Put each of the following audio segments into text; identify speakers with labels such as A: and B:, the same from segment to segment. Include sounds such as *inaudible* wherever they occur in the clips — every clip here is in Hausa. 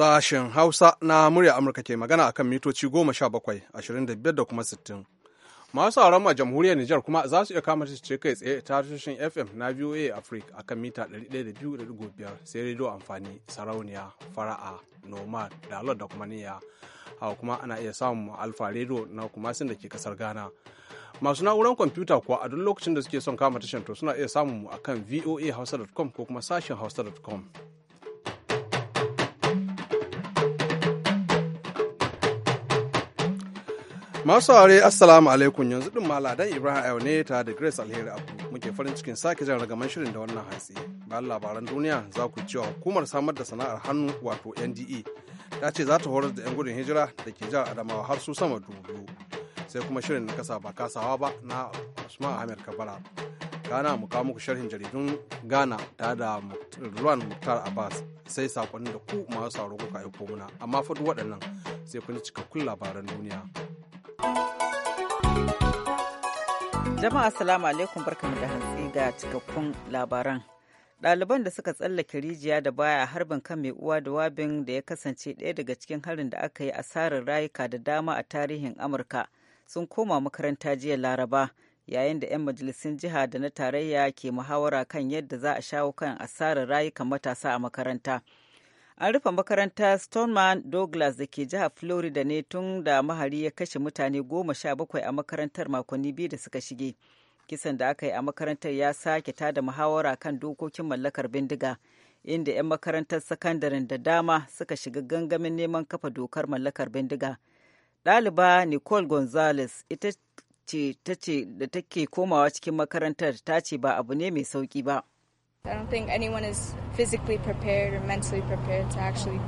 A: Sashen Hausa na murya Amurka ke magana akan mitoci goma sha bakwai ashirin da biyar da kuma sittin Masu sauran a jamhuriyar Nijar kuma za su iya kama ce kai tsaye ta tashoshin FM na VOA Africa akan mita ɗari da 102.5 sai rediyo amfani sarauniya fara'a noma da da kuma niyya. Hawa kuma ana iya samun alfa rediyo na kuma sun da ke kasar Ghana. masu na'urar kwamfuta kuwa a duk lokacin da suke son kama tashin to suna iya samun mu akan VOA hausa.com ko kuma sashen hausa.com Masu aure assalamu alaikum yanzu din maladan Ibrahim Ayo ne ta da Grace Alheri Abu muke farin cikin sake jan ragaman shirin da wannan hatsi Bayan labaran duniya za ku cewa hukumar samar da sana'ar hannu wato NDE ta ce za ta horar da 'yan gudun hijira da ke jihar Adamawa har su sama dubu sai kuma shirin na kasa ba kasawa ba na Usman Ahmed Kabara. Ghana mu kawo muku sharhin jaridun Ghana tare da Ruwan Muktar Abbas sai sakonni da ku masu sauro kuka aiko muna amma fa duk waɗannan sai kun ji cikakkun labaran duniya.
B: Jama'a salamu alaikum barkamu da hantsi ga cikakkun labaran. Ɗaliban da suka tsallake rijiya da baya harbin kan mai uwa da wabin da ya kasance ɗaya daga cikin harin da aka yi asarar rayuka da dama a tarihin Amurka sun koma makaranta jiya Laraba yayin da 'yan majalisun jiha da na tarayya ke muhawara kan yadda za a shawo kan asarar rayukan matasa a makaranta. an rufe makaranta stoneman douglas da ke jihar florida ne tun da mahari ya kashe mutane goma sha bakwai a makarantar makonni biyu da suka shige kisan da aka yi a makarantar ya sake tada muhawara kan dokokin mallakar bindiga inda 'yan makarantar sakandaren da dama suka shiga gangamin neman kafa dokar mallakar bindiga ɗaliba nicole gonzales ita ce da take komawa cikin makarantar ta ce ba abu ne mai sauki ba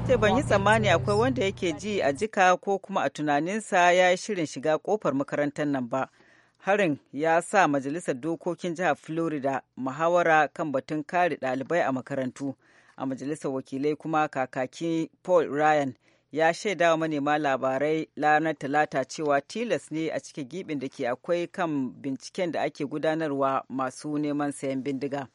B: Ce ban yi tsammani akwai wanda yake ji a jika ko kuma a tunaninsa ya yi shirin shiga kofar makarantar nan ba. Harin ya sa Majalisar Dokokin Jihar Florida muhawara kan batun kare ɗalibai a makarantu. A Majalisar Wakilai kuma kakaki Paul Ryan ya shaida wa manema labarai ranar talata cewa tilas ne a cikin gibin da ke akwai kan binciken da ake gudanarwa masu neman sayan bindiga.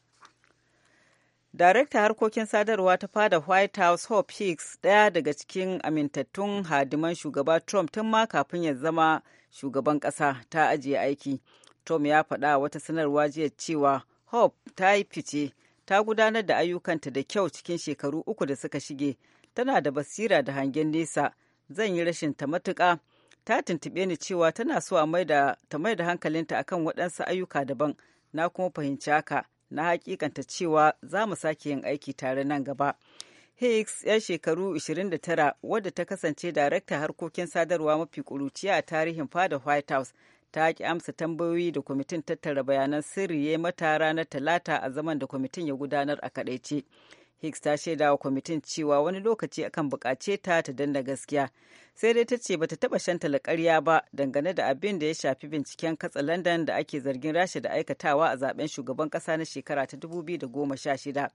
B: Darekta harkokin sadarwa ta fada White House Hope Hicks ɗaya daga cikin amintattun hadiman shugaba Trump tun ma kafin ya zama shugaban ƙasa ta ajiye aiki. Trump ya faɗa wata sanarwa jiya cewa Hope ta yi fice ta gudanar da ayyukanta da kyau cikin shekaru uku da suka shige. Tana da basira da hangen nesa, zan yi rashin ta matuka Ta tuntuɓe ni cewa tana so a mai da hankalinta akan waɗansu ayyuka daban, na kuma fahimci haka. na hakikanta cewa za mu sake yin aiki tare nan gaba. Hicks yar shekaru 29 wadda ta kasance darakta harkokin sadarwa mafi kuruciya a tarihin fada White House ta ki amsa tambayoyi da kwamitin tattara bayanan sirri ya mata ranar talata a zaman da kwamitin ya gudanar a kadaice. Hicks ta shaida wa kwamitin cewa wani lokaci akan bukace ta ta danna gaskiya. Sai dai ta ce bata taba shan talakarya ba dangane da abin da ya shafi binciken katsa London da ake zargin Rasha da aikatawa a zaben shugaban kasa na shekara ta 2016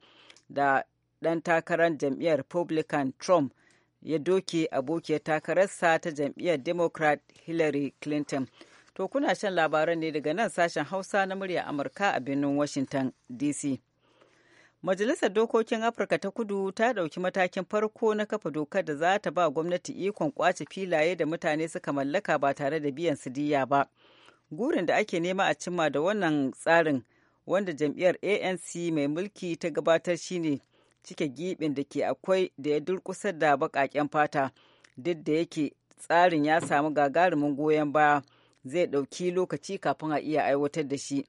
B: da dan takarar jam'iyyar Republican Trump ya doke abokiyar takararsa ta jam'iyyar Democrat Hillary Clinton. To kuna shan labaran ne daga nan sashen Hausa na murya Amurka a birnin Washington DC. Majalisar Dokokin Afirka ta Kudu ta ɗauki matakin farko na kafa dokar da za ta ba gwamnati ikon kwace filaye da mutane suka mallaka ba tare da biyan su diya ba. Gurin da ake nema a cimma da wannan tsarin wanda jam'iyyar ANC mai mulki ta gabatar shine cike giɓin da ke akwai da ya durkusa da baƙaƙen fata duk da yake tsarin ya samu gagarumin goyon baya zai ɗauki lokaci kafin a iya aiwatar da shi.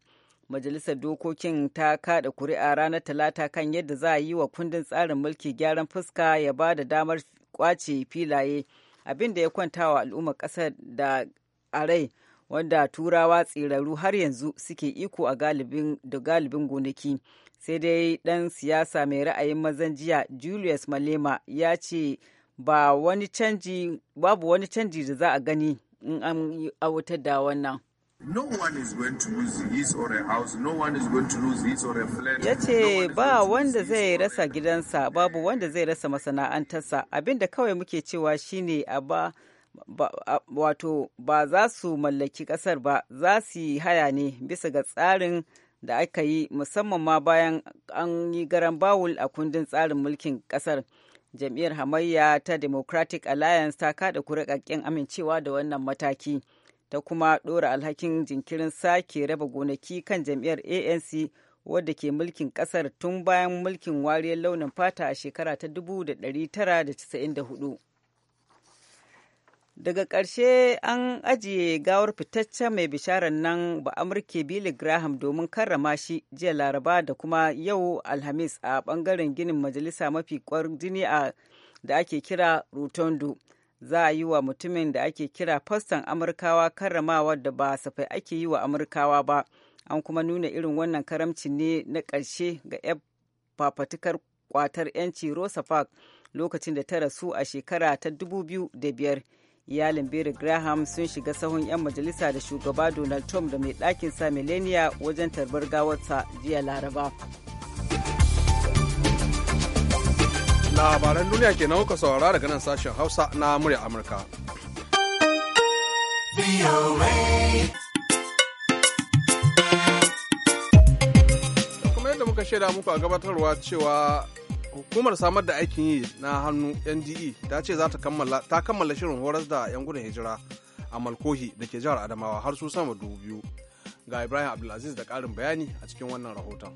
B: majalisar dokokin ta kada kuri'a ranar talata kan yadda za a yi wa kundin tsarin mulki gyaran fuska ya ba da damar kwace filaye abin da ya kwanta wa al'ummar ƙasar da a rai wanda turawa tsiraru har yanzu suke iko a galibin da galibin gonaki sai dai ɗan siyasa mai ra'ayin mazan jiya julius malema ya ce ba wani canji babu wani canji da za a gani in an autar da wannan
C: No Ya ce
B: ba wanda zai rasa gidansa, babu wanda zai rasa masana'antarsa. Abinda kawai muke cewa shine a ba wato ba za su mallaki kasar ba za su yi haya ne bisa ga tsarin da aka yi musamman ma bayan an yi garan bawul a kundin tsarin mulkin kasar jam'iyyar hamayya ta democratic alliance ta kada kurakakken amincewa da wannan mataki da kuma ɗora alhakin jinkirin sake raba gonaki kan jam'iyyar anc wadda ke mulkin ƙasar tun bayan mulkin wariyar launin fata a shekara ta 1994 daga ƙarshe an ajiye gawar fitaccen mai bisharar nan ba amurke billy graham domin karrama shi jiya laraba da kuma yau alhamis a ɓangaren ginin majalisa mafi jini a da ake kira rotondo za a yi wa mutumin da ake kira faston amurkawa karramawa da ba safai ake yi wa amurkawa ba an kuma nuna irin wannan karamci ne na ƙarshe ga 'yan fafatukar kwatar 'yanci rosa park lokacin da ta rasu a shekara ta 2005 iyalin Barry Graham sun shiga sahun 'yan majalisa da shugaba Donald Trump da mai ɗakin sa Melania wajen tarbar gawarsa jiya Laraba.
A: labaran duniya ke na kuka saurara daga nan sashen hausa na murya amurka kuma yadda muka shaida muku a gabatarwa cewa hukumar samar da aikin yi na hannu nde ta ce za ta kammala shirin horas da yan gudun hijira a malkohi da ke jihar adamawa har su sama dubu biyu ga ibrahim abdulaziz da karin bayani a cikin wannan rahoton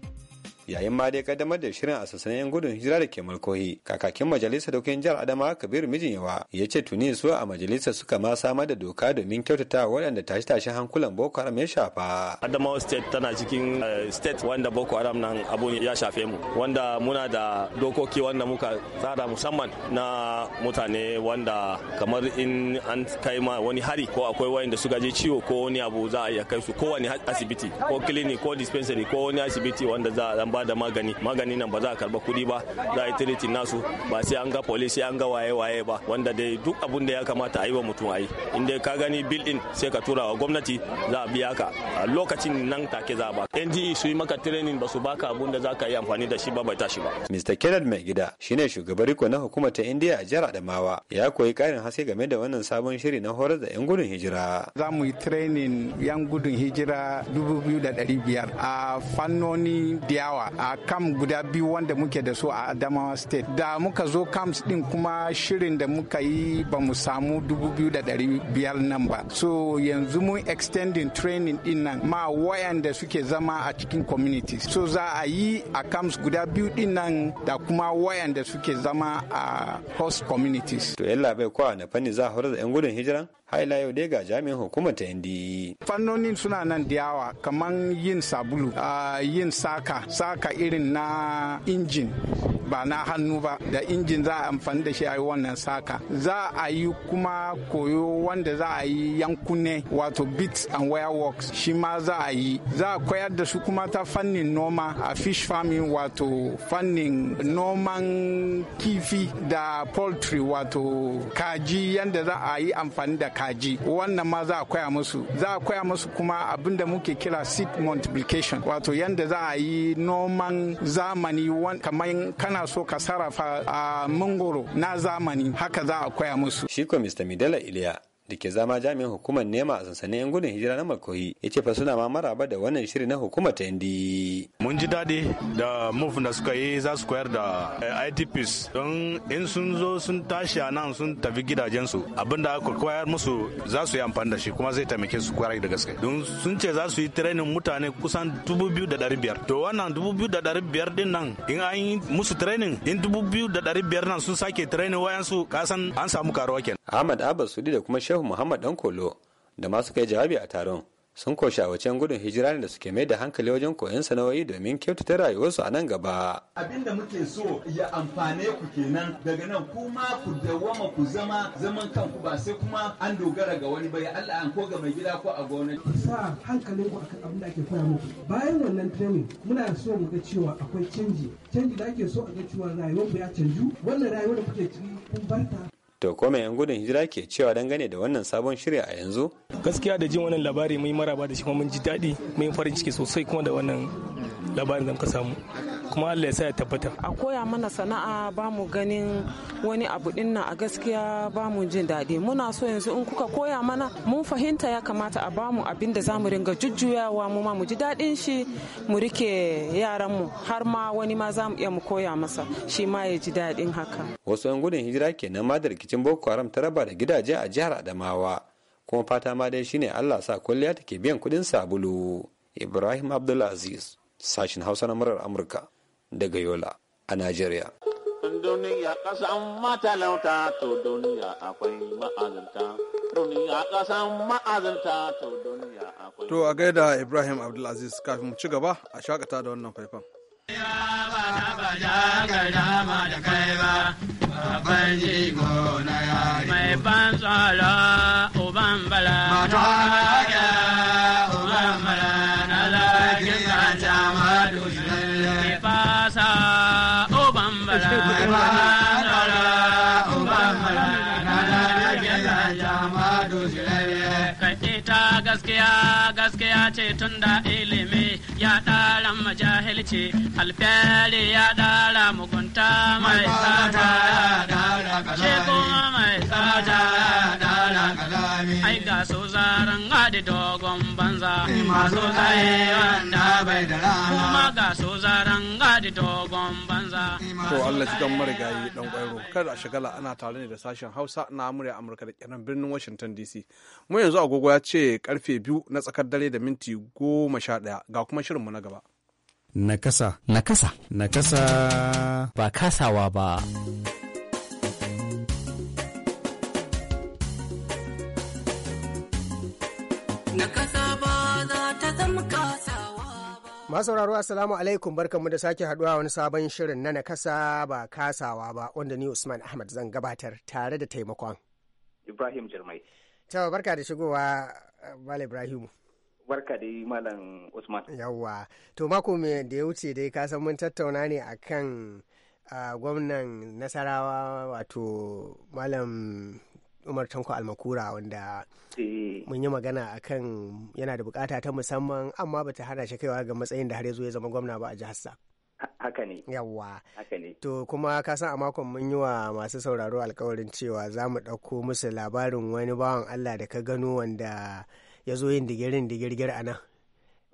D: yayin ma dai kaddamar da shirin asassanin yan gudun hijira da ke mulkohi kakakin majalisar dokokin jihar adama kabir mijinyawa ya ce tuni su a majalisar suka ma samar da doka domin kyautata
E: waɗanda tashe-tashen hankulan boko haram ya shafa adama state tana cikin eh, state wanda boko haram nan abu ya shafe mu wanda muna da dokoki wanda muka tsara musamman na mutane wanda kamar in an kai ma wani hari ko akwai wayanda suka ji ciwo ko wani abu za a iya kai su kowane asibiti ko clinic ko dispensary ko wani asibiti wanda za a ba da magani magani nan ba za a karba kuɗi ba za a yi tiritin nasu ba sai an ga police an ga waye waye ba wanda dai duk abun da ya kamata a yi wa mutum a yi in dai ka gani bill sai ka tura wa gwamnati za a biya ka a lokacin nan take za a ba NGE su yi maka training ba su baka abun da za ka yi amfani da shi ba bai tashi ba
D: Mr. Kenneth mai gida shine shugaban riko na hukumar ta India a jihar Adamawa ya koyi karin haske game da wannan sabon shiri na horar da 'yan gudun hijira.
C: Za mu yi training 'yan gudun hijira 2,500 a fannoni da a kam guda biyu wanda muke da su a adamawa state da muka zo camps din kuma shirin da muka yi ba mu samu dubu biyu da dari biyar nan ba so yanzu mun extending training din nan ma da suke zama a cikin communities so za a yi a camps guda biyu din nan da kuma da suke zama a host communities to yalla bai kwa na fanni za a horar da yan gudun hijira haila yau dai ga jami'in hukumar ta indi e. fannonin suna nan da yawa kamar yin sabulu ah, yin saka saka irin na injin ba na hannu ba da injin za a amfani da shi a yi wannan saka za a yi kuma koyo wanda za a yi yankunne wato bits and wire works shi ma za a yi za a koyar da su kuma ta fannin noma a fish farming wato fannin noman kifi da poultry wato kaji yanda za a yi amfani da kaji wannan ma za a koya musu za a koya musu kuma abin da muke kira seed multiplication wato yanda za a yi noman zamani kamar kana ina so ka sarrafa a ah, mangoro na zamani
D: haka za a koya musu. Shi ko Mr. Midela Iliya da ke zama jami'in hukumar nema a sansanin yan gudun hijira na makoyi ya ce fa suna ma maraba da wannan shiri na hukumar ta indi. E. mun
C: ji daɗi da move da suka yi za su koyar da eh, itps don in sun zo sun tashi a nan sun tafi gidajensu abinda aka koyar musu za su yi amfani da shi kuma zai taimake su kwarai da gaske don sun ce za su yi training mutane kusan dubu biyu da ɗari biyar to wannan dubu biyu da ɗari biyar din nan in an yi musu training in dubu biyu da ɗari biyar nan sun sake training wayansu kasan an samu karuwa kenan.
D: ahmad abbas sudi da kuma shehu shehu muhammad dan kolo da masu kai jawabi a taron sun koshi a wacan gudun hijira ne da suke mai da hankali wajen koyon sana'o'i domin kyautata rayuwarsu a nan gaba.
E: Abin da muke so ya amfane ku kenan daga nan kuma ku dawama ku zama zaman kanku ba sai kuma an dogara ga wani bai Allah an ko ga mai gida ko a gona. Ku
A: sa hankalin ku akan abin da ake koya muku. Bayan wannan training muna so mu ga cewa akwai canji. Canji da ake so a ga cewa rayuwar ku ya canju. Wannan rayuwar da kuke ciki kun
D: barta To ko mai 'yan gudun hijira ke cewa dangane da wannan sabon shirya a yanzu?
E: Gaskiya da jin wannan labari mai maraba da shi kuma mun ji daɗi mun farin ciki sosai kuma da wannan labarin da muka samu. kuma Allah ya sa ya tabbata a
B: koya mana sana'a ba mu ganin wani abu din a gaskiya ba mu jin daɗi muna so yanzu in kuka koya mana mun fahimta ya kamata a bamu abin da zamu ringa jujjuyawa mu ma mu ji daɗin shi mu rike yaran mu har ma wani ma zamu iya mu koya masa shi ma ya ji daɗin haka
D: wasu 'yan gudun hijira kenan ma da rikicin boko haram ta raba da gidaje a jihar adamawa kuma fata ma dai shine Allah sa kwalliya take biyan kuɗin sabulu Ibrahim Abdulaziz sashin Hausa na murar Amurka daga Yola a Najeriya.
E: Duniya ƙasan matalauta to duniya akwai ma'azinta. Duniya ƙasan ma'azinta
F: to duniya
A: akwai. To a gaida Ibrahim Abdulaziz kafin mu ci gaba a shakata da wannan faifan. Ya ba ba ja ga
E: dama da kai ba. Mai ban tsara uban bala.
B: ce tun da ilimi ya ɗara majahilci alfiyari ya ɗara mugunta mai tsada ya ɗara
F: kalami mai tsada ya ɗara kalami ai ga so zaren
B: dogon banza masu tsaye
C: wanda bai da rana kuma ga
B: so ji dogon banza.
A: To Allah ci don marigayi dan kwairo kada a shagala ana tare ne da sashen Hausa na murya Amurka da kenan birnin Washington DC. Mu yanzu agogo ya ce karfe biyu na tsakar dare da minti goma sha ɗaya ga kuma shirinmu na gaba.
E: Nakasa. Nakasa. Nakasa. Ba kasawa ba.
F: Nakasa.
G: sauraro Assalamu alaikum barkanmu da sake haduwa wani sabon shirin na nakasa ba kasawa ba wanda ni Usman Ahmad zan gabatar tare da taimakon.
E: Ibrahim Jirmai.
G: Tawa barka da shigowa Mal Ibrahim.
E: Barka da Malam Usman.
G: Yawwa. To mako me da ya wuce dai ka san mun tattauna ne akan ah, gwamnan Nasarawa wato Malam Umar Tanko Almakura wanda eh. mun yi magana a kan yana da bukata ta musamman amma bata hana shi kaiwa ga matsayin da har ya zo ya zama gwamna ba a jihar sa. haka ne yawa haka ne to kuma ka san a makon mun yi wa masu sauraro alkawarin cewa za mu ɗauko musu labarin wani bawan Allah da ka gano wanda ya zo yin digirin digirgir a nan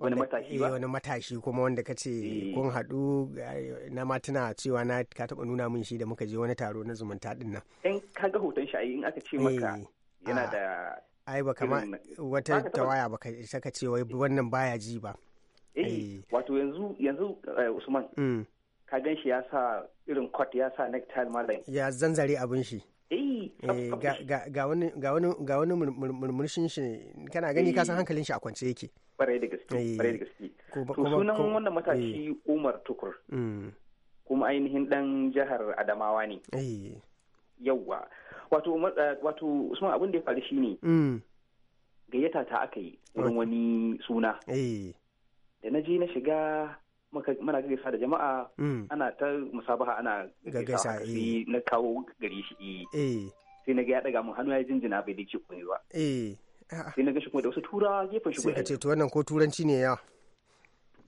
E: wani matashi ba eh,
G: wani matashi kuma wanda ka ce eh. kun haɗu eh, na ma tuna cewa na ka taɓa nuna min shi da muka je wani taro na zumunta ɗin nan
E: in ka ga hoton shi in aka ce maka yana ah. da
G: ai ba kama wata tawaya ba ka saka ce wai wannan baya ji ba
E: eh wato yanzu yanzu Usman mm. ka gan shi ya sa irin kot ya sa necktie malam
G: ya zanzare abin shi Eh, ga wani murmurshin shi kana gani ka san eh. hankalin shi a kwance yake
E: kwarai da gaske eh, Ko da gaske
G: to sunan wannan matashi
E: Umar Tukur mm. kuma ainihin dan jihar Adamawa ne yawwa wato wato Usman abin da ya faru shine mm. gayyata ta aka yi wurin wani suna da na je na shiga muna gaisa da jama'a mm. ana ta musabaha ana gaisa eh. na kawo gari shi eh. Eh. sai na ga ya daga mun hannu ya jinjina bai dace kuma ba ah. sai na ga shi kuma da wasu tura gefen shi ka
G: ce to wannan ko turanci ne ya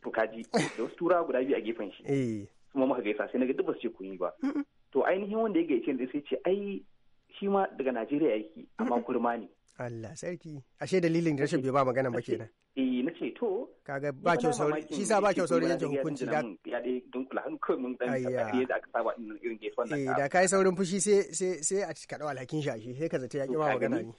E: to kaji da wasu tura guda biyu a gefen shi kuma muka gaisa sai na ga duk ba su ce kuma ba to ainihin wanda ya gaice ni sai ce ai shi ma daga Najeriya yake amma kurma ne
G: Allah sarki ashe dalilin da rashin biyo ba magana ba kenan
E: eh na ce to kaga ba kyau sauri shi sa ba kyau sauri yanke hukunci da ya dai dunkula hannu kai mun dan tafiye da aka saba din irin gefe wannan eh da kai saurin
G: fushi sai sai sai a cika dawa alhakin shi ashe sai ka zata ya ki ba magana ni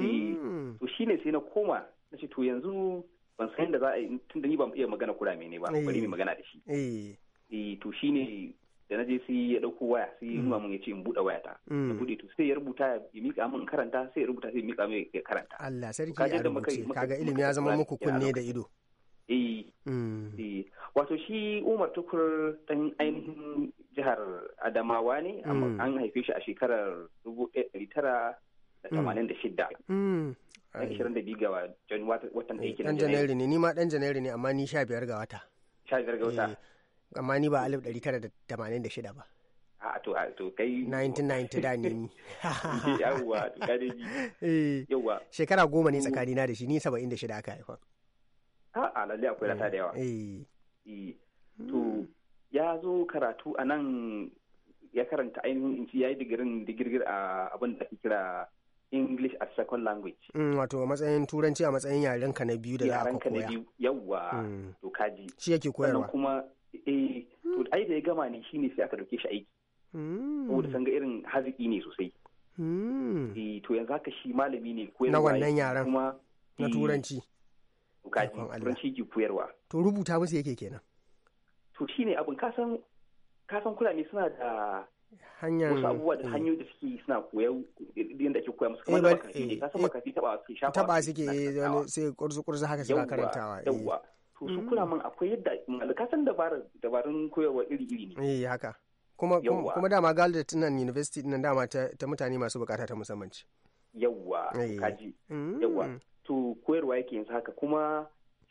G: eh
E: hmm. to shine sai na koma na ce to yanzu ban san da za a yi tunda ni ban iya magana kurame ne ba bari mu eh. magana da
G: shi eh
E: eh to shine da na je sai ya dauko waya sai ya nuna mm. mun ya ce in waya wayata Ya mm. bude to sai ya rubuta ya mika mun karanta sai ya rubuta sai ya mika mun ya karanta
G: Allah sarki ya rubuce kaga ilimi ya zama muku kunne da ido eh. Mm.
E: eh wato shi Umar Tukur dan ainihin jihar Adamawa ne amma an haife shi a shekarar 1986
F: dan
E: 22 ga watan da yake dan Janairu
G: ne ni ma dan Janairu ne amma ni 15 ga wata
E: 15 ga wata eh.
G: amma ni ba alif ɗari da tamanin da shida ba
E: a to to kai
G: 1990 *laughs* da ne ni *laughs* yawwa to *laughs* eh, shekara goma ne tsakani na da shi ni 76 aka haifa
E: a a lalle akwai rata da yawa eh. Eh, to ya zo karatu a nan ya karanta ainihin inci ya yi digirin digirgir a abin da ake kira English as second language.
G: Mm, wato a matsayin turanci a matsayin yarenka na biyu da za a koya. Yarenka na biyu
E: yawwa mm. to kaji. Shi yake koyarwa. kuma Eh, to hmm. ai da ya gama ne shine sai aka dauke shi aiki
F: hmm. saboda san
E: ga irin haziki ne sosai
F: hmm.
E: eh to yanzu haka shi malami ne ko na wannan yaran kuma
G: na eh, turanci
E: turanci ki koyarwa
G: to rubuta musu yake kenan to shine abin kasan kasan kulani suna da hanyar wasu abubuwa da eh. hanyoyi
E: da suke suna koyo yadda ake koya musu kamar da makafi ne kasan makafi taba suke shafa taba
G: suke sai kurzu kurzu haka suka karantawa yawwa
E: to su mm. kuna min akwai yadda malakasan dabarun koyarwa iri-iri
G: ne eh haka kuma kuma dama galda tunan university din dama ta mutane masu bukata ta musamman ce
E: yawwa eh. kaji mm. yawwa to koyarwa yake yanzu haka kuma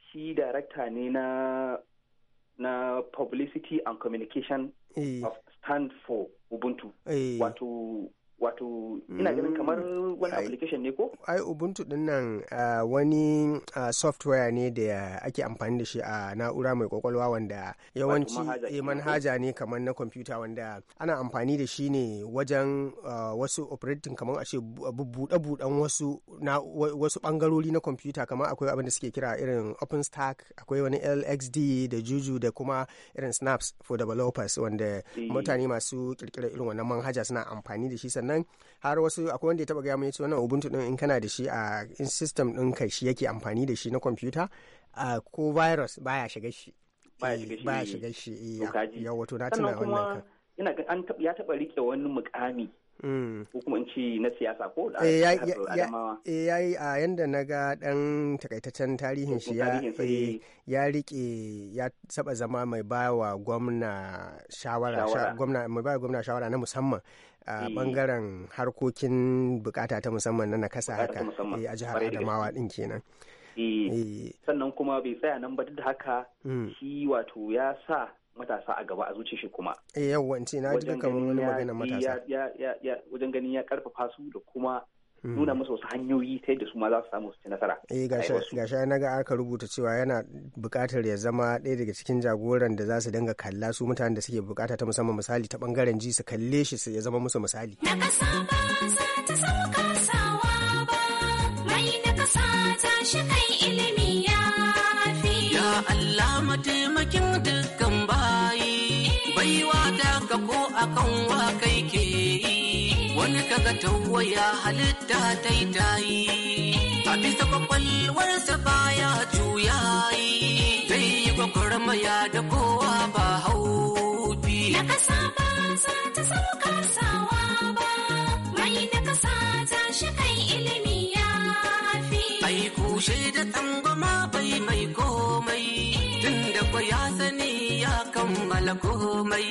E: shi darakta ne na na publicity and communication eh. of stand for ubuntu eh. wato wato ina ganin mm, kamar wani application ne ko?
G: ai ubuntu din nan wani software ne da ake amfani da shi a na'ura mai kwakwalwa wanda yawanci eh, manhaja ne kamar na kwamfuta wanda ana amfani da shi ne wajen wasu operating kamar a ce buɗe-buɗen wasu na wasu bangarori na kwamfuta kamar akwai abin da suke kira irin openstack akwai wani lxd da juju da kuma irin snaps for developers wanda eh. mutane masu kirkira irin wannan manhaja suna amfani da shi sannan har wasu akwai wanda ya taba gaya mun yace wannan ubuntu din in kana da shi a in system din ka shi yake amfani da shi na computer ko virus baya shiga shi baya eh, shiga shi ya wato eh, na tuna wannan
E: kan ina ga an ya taba rike wani mukami hmm. ko kuma in ce na siyasa ko da eh, ya
G: Yayi a yanda na ga dan takaitaccen tarihin shi ya rike ya saba zama mai bawa gwamna shawara gwamna mai bawa gwamna shawara na musamman a bangaren mm. harkokin bukata ta musamman na nakasa haka eh, a jihar Adamawa din kenan. Eh, eh.
E: Sannan kuma bai tsaya nan ba duk da haka mm. shi wato ya sa matasa a gaba a zuci shi kuma.
G: Yawanci na ji kamar wani magana matasa.
E: Wajen ganin ya karfafa su da kuma Hmm. nuna musu wasu hanyoyi ta yadda su ma za su samu su nasara eh
G: gashi na ga aka rubuta cewa yana buƙatar ya zama ɗaya daga cikin jagoran da za su dinga kalla su mutanen da suke buƙata ta musamman misali ta bangaren ji su kalle shi su ya zama musu misali
F: na Allah mataimakin dukkan bayi baiwa da ka ko akan wa kai ke daga tawaya halitta daidai a bisa kwakwalwarsa baya juya yi zai yi gwagwarmaya da kowa ba bi na kasa ba za ta sauka sawa ba mai na kasa ta shi kai ilimi ya fi ai kushe da tsangwama bai mai komai tun da ya sani ya kammala komai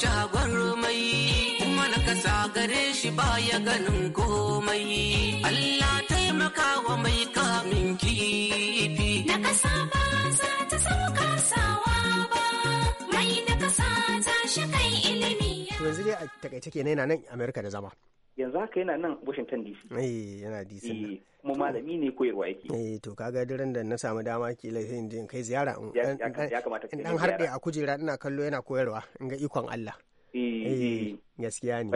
F: shagon romai kuma na kasa gare shi baya ganin komai Allah taimaka wa mai kamin kifi na kasa ba za ta sauka sawa ba mai na kasa ta shi kai ilimi
G: yanzu dai a takaice kenan yana nan Amerika da zama yanzu haka yana nan washington dc eh yana dc
E: eh, kuma malami ne koyarwa yake
G: eh to kaga duran da na samu dama kila sai in kai ziyara
E: in dan harde a
G: kujera ina kallo yana koyarwa in ga ikon Allah
E: Eh, eh, eh.
G: gaskiya ne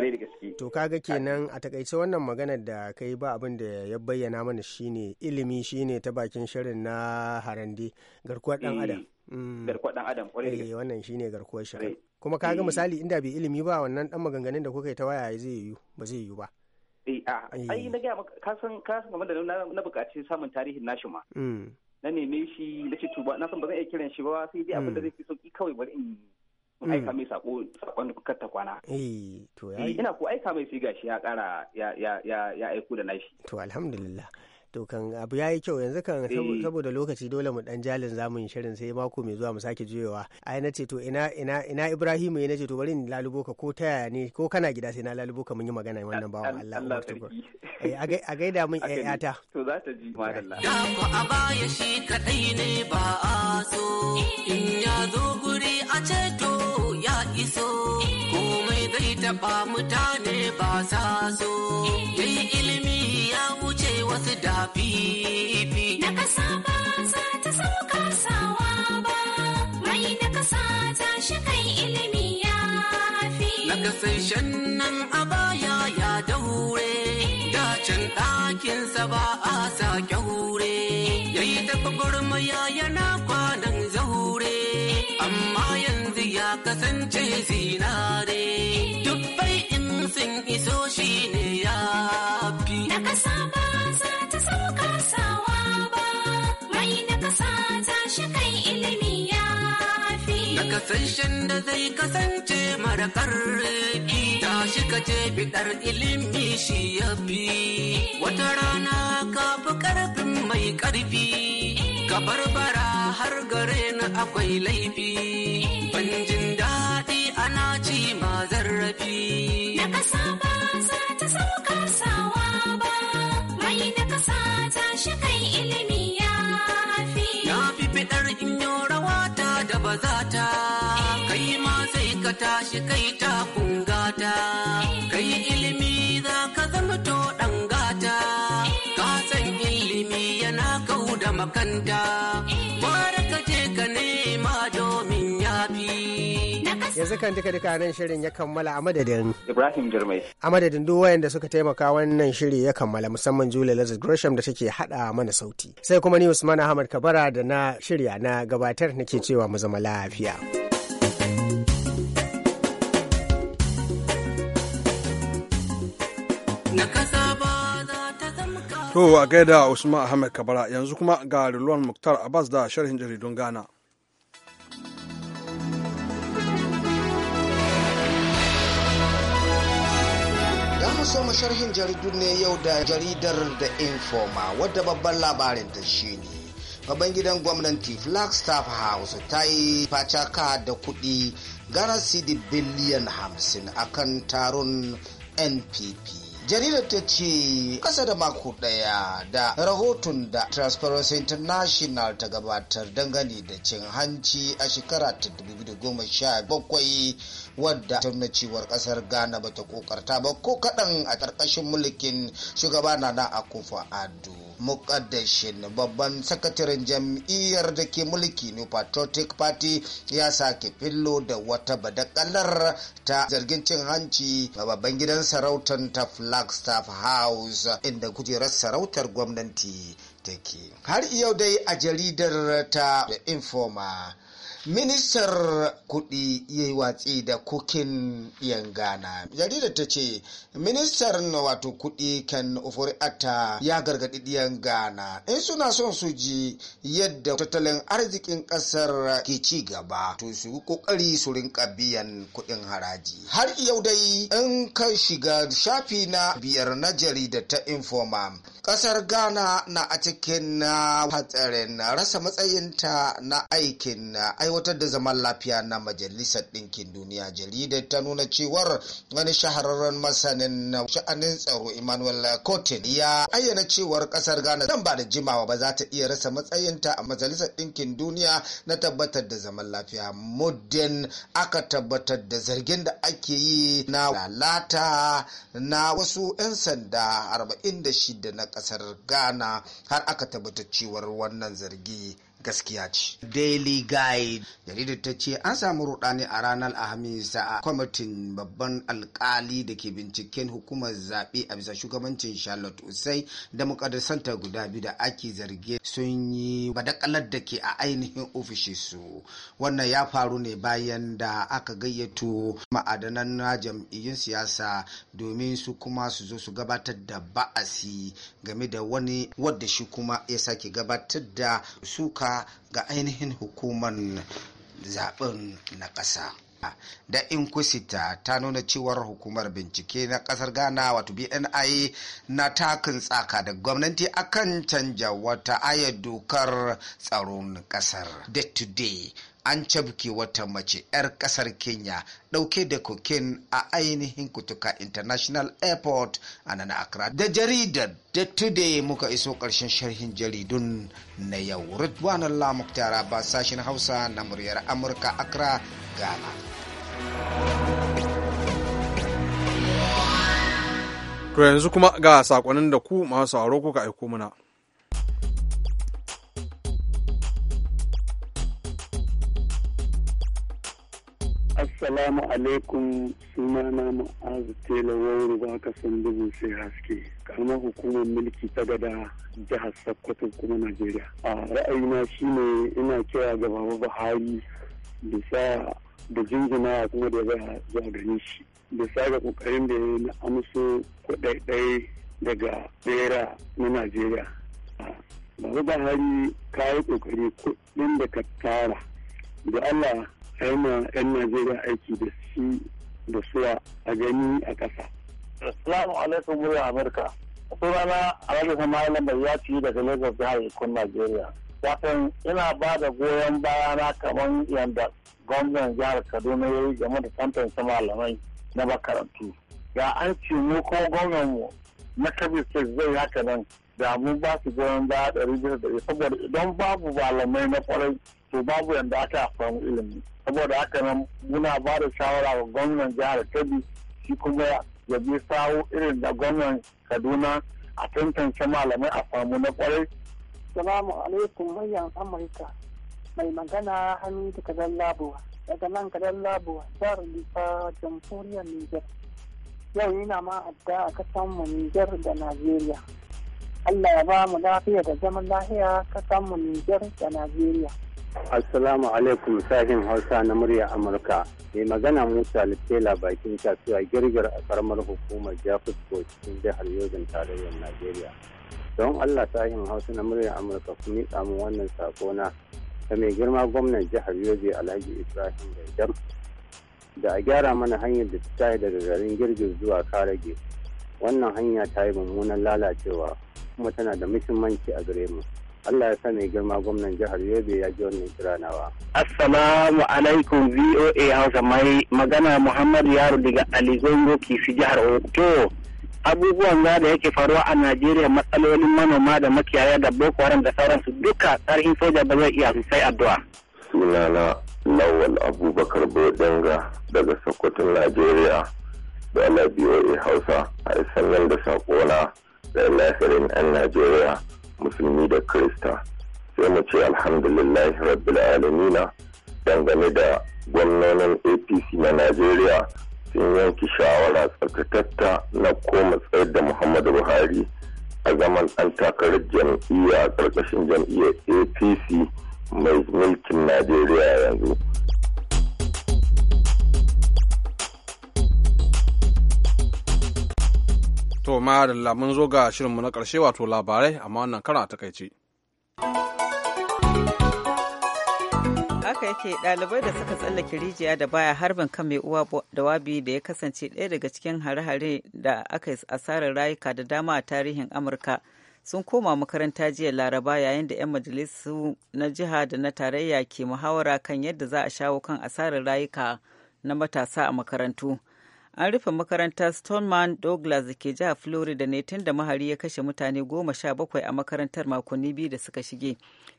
G: to kaga kenan a takaice wannan maganar da ka yi ba abin da ya bayyana mana shine ilimi shine ta bakin shirin na harande garkuwar dan adam mm. garkuwar dan adam kwarai da wannan shine garkuwar shirin kuma kaga misali inda bai ilimi ba wannan dan maganganun da kuka yi ta waya zai yiwu ba zai yiwu ba Eh ai
E: na gaya ka san ka san game da na buƙaci samun tarihin nashi ma mm. na neme shi na ce tuba na san ba zan iya kiran shi ba sai dai abin da mm. zai fi sauki kawai bari in Mm. Eh, eh, aika mai sako sakon da ta kwana
G: ina
E: ko aika mai sai shi ya kara ya ya aiko da nashi
G: to alhamdulillah to kan abu yayi kyau yanzu kan eh. saboda lokaci dole mu dan jalin zamu yi shirin sai mako mai zuwa mu sake juyewa ai na ce to ina ina ina Ibrahim yana ce to bari ni lalubo ka ko ta yaya ne ko kana gida sai na lalubo ka mun yi magana wannan bawan Allah eh a gaida mun *laughs* ƴaƴata to
E: za ta ji madalla
F: da ku a baya shi kadai ne ba a so in ya zo guri a ce to ya iso komai zai taɓa mutane ba sa so yayi ilimi ya wasu da fifi. Na kasa ba za ta sauka sawa ba, mai na kasa ta shi kai ilimi ya fi. Na shan nan a baya ya daure, eh. dacin ɗakinsa ba a sa kyaure. Eh. Yayi ta gwagwarmaya yana kwanan zaure, eh. amma yanzu ya kasance zinare. Dubbai in sun isasshen da zai kasance mara karfi tashi ka ce bidar ilimi shi ya fi wata rana ka fi karfin mai karfi ka barbara har gare na akwai laifi ban jin daɗi ana ci ma zarrafi na kasa ba za ta sauka sawa ba mai na kasa ta shi kai ilimi ya fi Ya fi fidar in ta da ba za ta tashi kai ta kungata kai ilimi za ka zama to ɗan gata ka san ilimi yana kau da makanta ka je ka nema domin yafi yanzu
G: kan duka duka nan shirin ya kammala a madadin
F: Ibrahim
E: Jirmai
G: a madadin duk wayanda suka taimaka wannan shiri ya kammala musamman Julia Lazarus Gresham da take hada mana sauti sai kuma ni Usman Ahmad Kabara da na shirya na gabatar nake cewa mu zama lafiya.
A: To a gaida Usman Ahmed Kabara yanzu kuma ga Rilwan Muktar Abbas da sharhin jaridun Ghana.
H: soma sharhin jaridun ne yau da jaridar da informa wadda babban labarin ta ne babban gidan gwamnati flagstaff house ta yi facaka da kudi gara sidi biliyan hamsin akan taron npp jaridar ta ce kasa da mako daya da rahoton da transparency international ta gabatar dangane da cin hanci a shekara ta 2017 wadda cewar kasar ghana bata kokarta ba ko kaɗan a ƙarƙashin mulkin shugaba nana akufa ado mukaddashin babban sakataren jam'iyyar da ke mulki new patriotic party ya sake fillo da wata badakalar ta zargin cin hanci a babban gidan sarautar ta flagstaff house inda kujerar sarautar gwamnati take har yau dai a jaridar ta informa ministar Kuɗi ya yi watsi da kukin yan ghana jaridar ta ce ministar na wato Kuɗi kan ata ya gargaɗi 'yan ghana in suna son su ji yadda tattalin arzikin ƙasar ke ci gaba to su kokari su rinka biyan kuɗin haraji har yau dai in ka shiga shafi na biyar na jarida ta informa Ƙasar Ghana na a cikin uh, hatsarin uh, rasa matsayinta na aikin uh, aiwatar da zaman lafiya na Majalisar Ɗinkin Duniya. Jaridar ta nuna cewar wani shahararren masanin sha'anin tsaro Emmanuel Cotin ya ayyana cewar ƙasar Ghana zan ba da jimawa ba za ta iya rasa matsayinta a Majalisar Ɗinkin Duniya na tabbatar da zaman lafiya. Muddin aka tabbatar da zargin da ake yi na lalata na wasu 'yan sanda 46 na kasar ghana har aka tabbatar cewar wannan zargi gaskiya ce. Daily Guide jaridar ta ce an samu rudani a ranar Alhamis a kwamitin babban alkali da ke binciken hukumar zaɓe a bisa shugabancin Charlotte Usai da mukaddasanta guda biyu da ake zarge sun yi badakalar da ke a ainihin ofishinsu. Wannan ya faru ne bayan da aka gayyato ma'adanan na jam'iyyun siyasa domin su kuma su zo su gabatar da ba'asi game da wani wadda shi kuma ya sake gabatar da suka ga ainihin hukumar zaben na ƙasa. da inquisita ta nuna cewar hukumar bincike na kasar ghana wato bni na takin tsaka da gwamnati akan canja wata ayar dokar tsaron kasar day-to-day. an cabke wata mace 'yar kasar kenya dauke da cocaine a ainihin kutuka international airport a nan accra da jaridar da today muka iso karshen sharhin jaridun na yau ridwan lamuk tara ba sashen hausa na muryar amurka accra ghana
A: to yanzu kuma ga sakonin da ku masu sauraro kuka aiko mana Assalamu alaikum sunana
F: ma'azu tela wauri ba ka san dubu sai haske karamar hukumar mulki ta gada jihar Sokoto kuma Najeriya. A ra'ayina shine ina kira ga Baba Buhari bisa da jinjina kuma da za a gani shi bisa ga kokarin da ya na amso kuɗaɗɗai daga bera na Najeriya. Baba Buhari ka yi kokari kuɗin da ka tara da Allah a ma 'yan najeriya aiki da shi da suwa a gani a ƙasa. Assalamu alaikum murya Amurka. Sunana Alhaji Sama'ila mai ya ci daga Lagos jihar Ikon Najeriya. Watan ina ba da goyon bayana kamar yadda gwamnan jihar Kaduna ya yi game da sama malamai na makarantu. Ya an ce mu ko gwamnan mu na Kebbi State zai haka nan da mu ba su goyon a ɗari da ɗari saboda idan babu malamai na kwarai to babu yadda aka samu ilimi saboda haka nan muna ba da shawara ga gwamnan jihar kebbi shi kuma ya bi sawo irin da gwamnan kaduna a tantance malamai a samu na kwarai.
E: salamu alaikum mayan amurka mai magana hamidu kadan labuwa daga nan kadan labuwa jihar lifa jamhuriyar niger yau yana ma a kasan mu niger da najeriya Allah ya ba mu lafiya da zaman lafiya kasan mu Nijar da Najeriya.
F: Assalamu
G: alaikum sahin Hausa na murya Amurka. Mai magana Musa Lutela bakin kasuwa girgir a karamar hukumar Jafus ko cikin jihar Yozin tarayyar Najeriya. Don Allah sahin Hausa na murya Amurka ku miƙa mu wannan sako na ta mai girma gwamnan jihar Yobe Alhaji Ibrahim Gaidam da a gyara mana hanyar da ta daga garin girgir zuwa Karage. Wannan hanya ta yi mummunan lalacewa kuma tana da muhimmanci a gare mu Allah ya sani girma gwamnan jihar Yobe ya ji wannan kiranawa.
E: Assalamu alaikum VOA Hausa mai magana Muhammad Yaro daga Aligongo
F: Kifi jihar Oto. Abubuwan za da yake faruwa a Najeriya matsalolin manoma da makiyaya da Boko Haram da sauransu duka tarihin soja ba zai iya sai addu'a. Sunana Lawal Abubakar Bodanga daga Sokoto, Najeriya da Allah Hausa a isan da saƙona da lahirin 'yan najeriya musulmi da krista sai mu ce alhamdulillahi rabbil alamina dangane da gwamnonin apc na najeriya sun yanke shawara tsakatatta na koma tsayar da muhammadu buhari a zaman ɗan takarar jam'iyya a ƙarƙashin jam'iyyar apc mai mulkin najeriya yanzu
A: To ma da mun zo ga shirinmu na ƙarshe wato labarai amma wannan karan a takaice.
B: haka yake ɗalibai da suka tsallake rijiya da baya harbin kan mai uwa da wabi da ya kasance ɗaya daga cikin hare-hare da aka yi asarar rayuka da dama a tarihin amurka sun koma makaranta jiya laraba yayin da 'yan majalisu na jiha da na tarayya ke muhawara kan yadda za a shawo kan asarar rayuka na matasa a makarantu an rufe makarantar stoneman douglas da ke jihar florida ne tun da mahari ya kashe mutane goma sha bakwai a makarantar makonni biyu da suka shige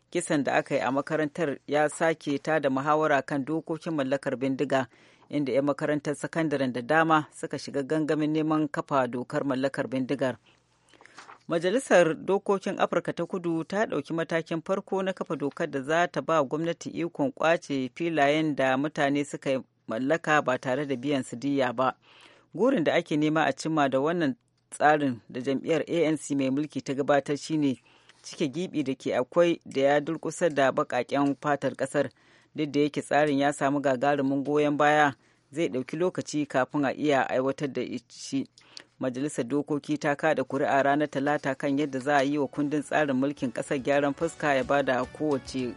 B: kisan da aka yi a makarantar ya sake ta da muhawara kan dokokin mallakar bindiga inda 'yan makarantar sakandaren da dama suka shiga gangamin neman kafa dokar mallakar bindigar majalisar dokokin afirka ta kudu ta ɗauki matakin farko na kafa dokar da za ta ba gwamnati ikon kwace filayen da mutane suka mallaka ba tare da biyan diya ba gurin da ake nema a cimma da wannan tsarin da jam'iyyar anc mai mulki ta gabatar shine cike gibi da ke akwai da ya durkusa da bakaken fatar kasar duk da yake tsarin ya samu gagarumin goyon baya zai ɗauki lokaci kafin a iya aiwatar da shi majalisar dokoki ta kada kuri'a ranar talata kan yadda za a yi wa kundin tsarin mulkin ƙasar gyaran fuska ya bada kowace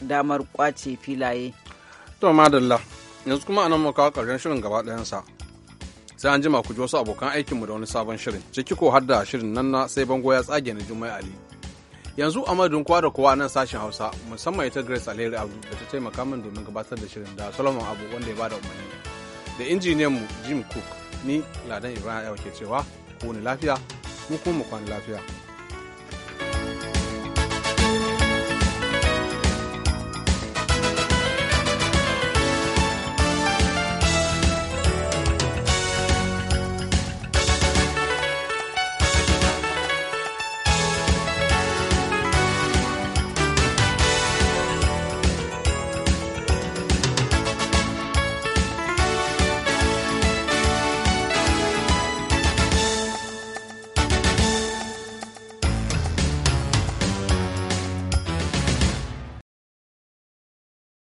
B: damar kwace filaye.
A: To madalla yanzu kuma a nan muka kawo shirin gaba ɗayansa sai an jima ku ji wasu abokan aikinmu da wani sabon shirin ciki ko har da shirin nan na sai bango ya tsage ni jummai ali yanzu a madadin kowa da kowa nan sashen hausa musamman ita grace alheri abdu da ta taimaka min domin gabatar da shirin da solomon abu wanda ya bada umarni da injiniyan mu jim cook ni ladan ibrahim ke cewa ku ni lafiya mu kuma mu kwani lafiya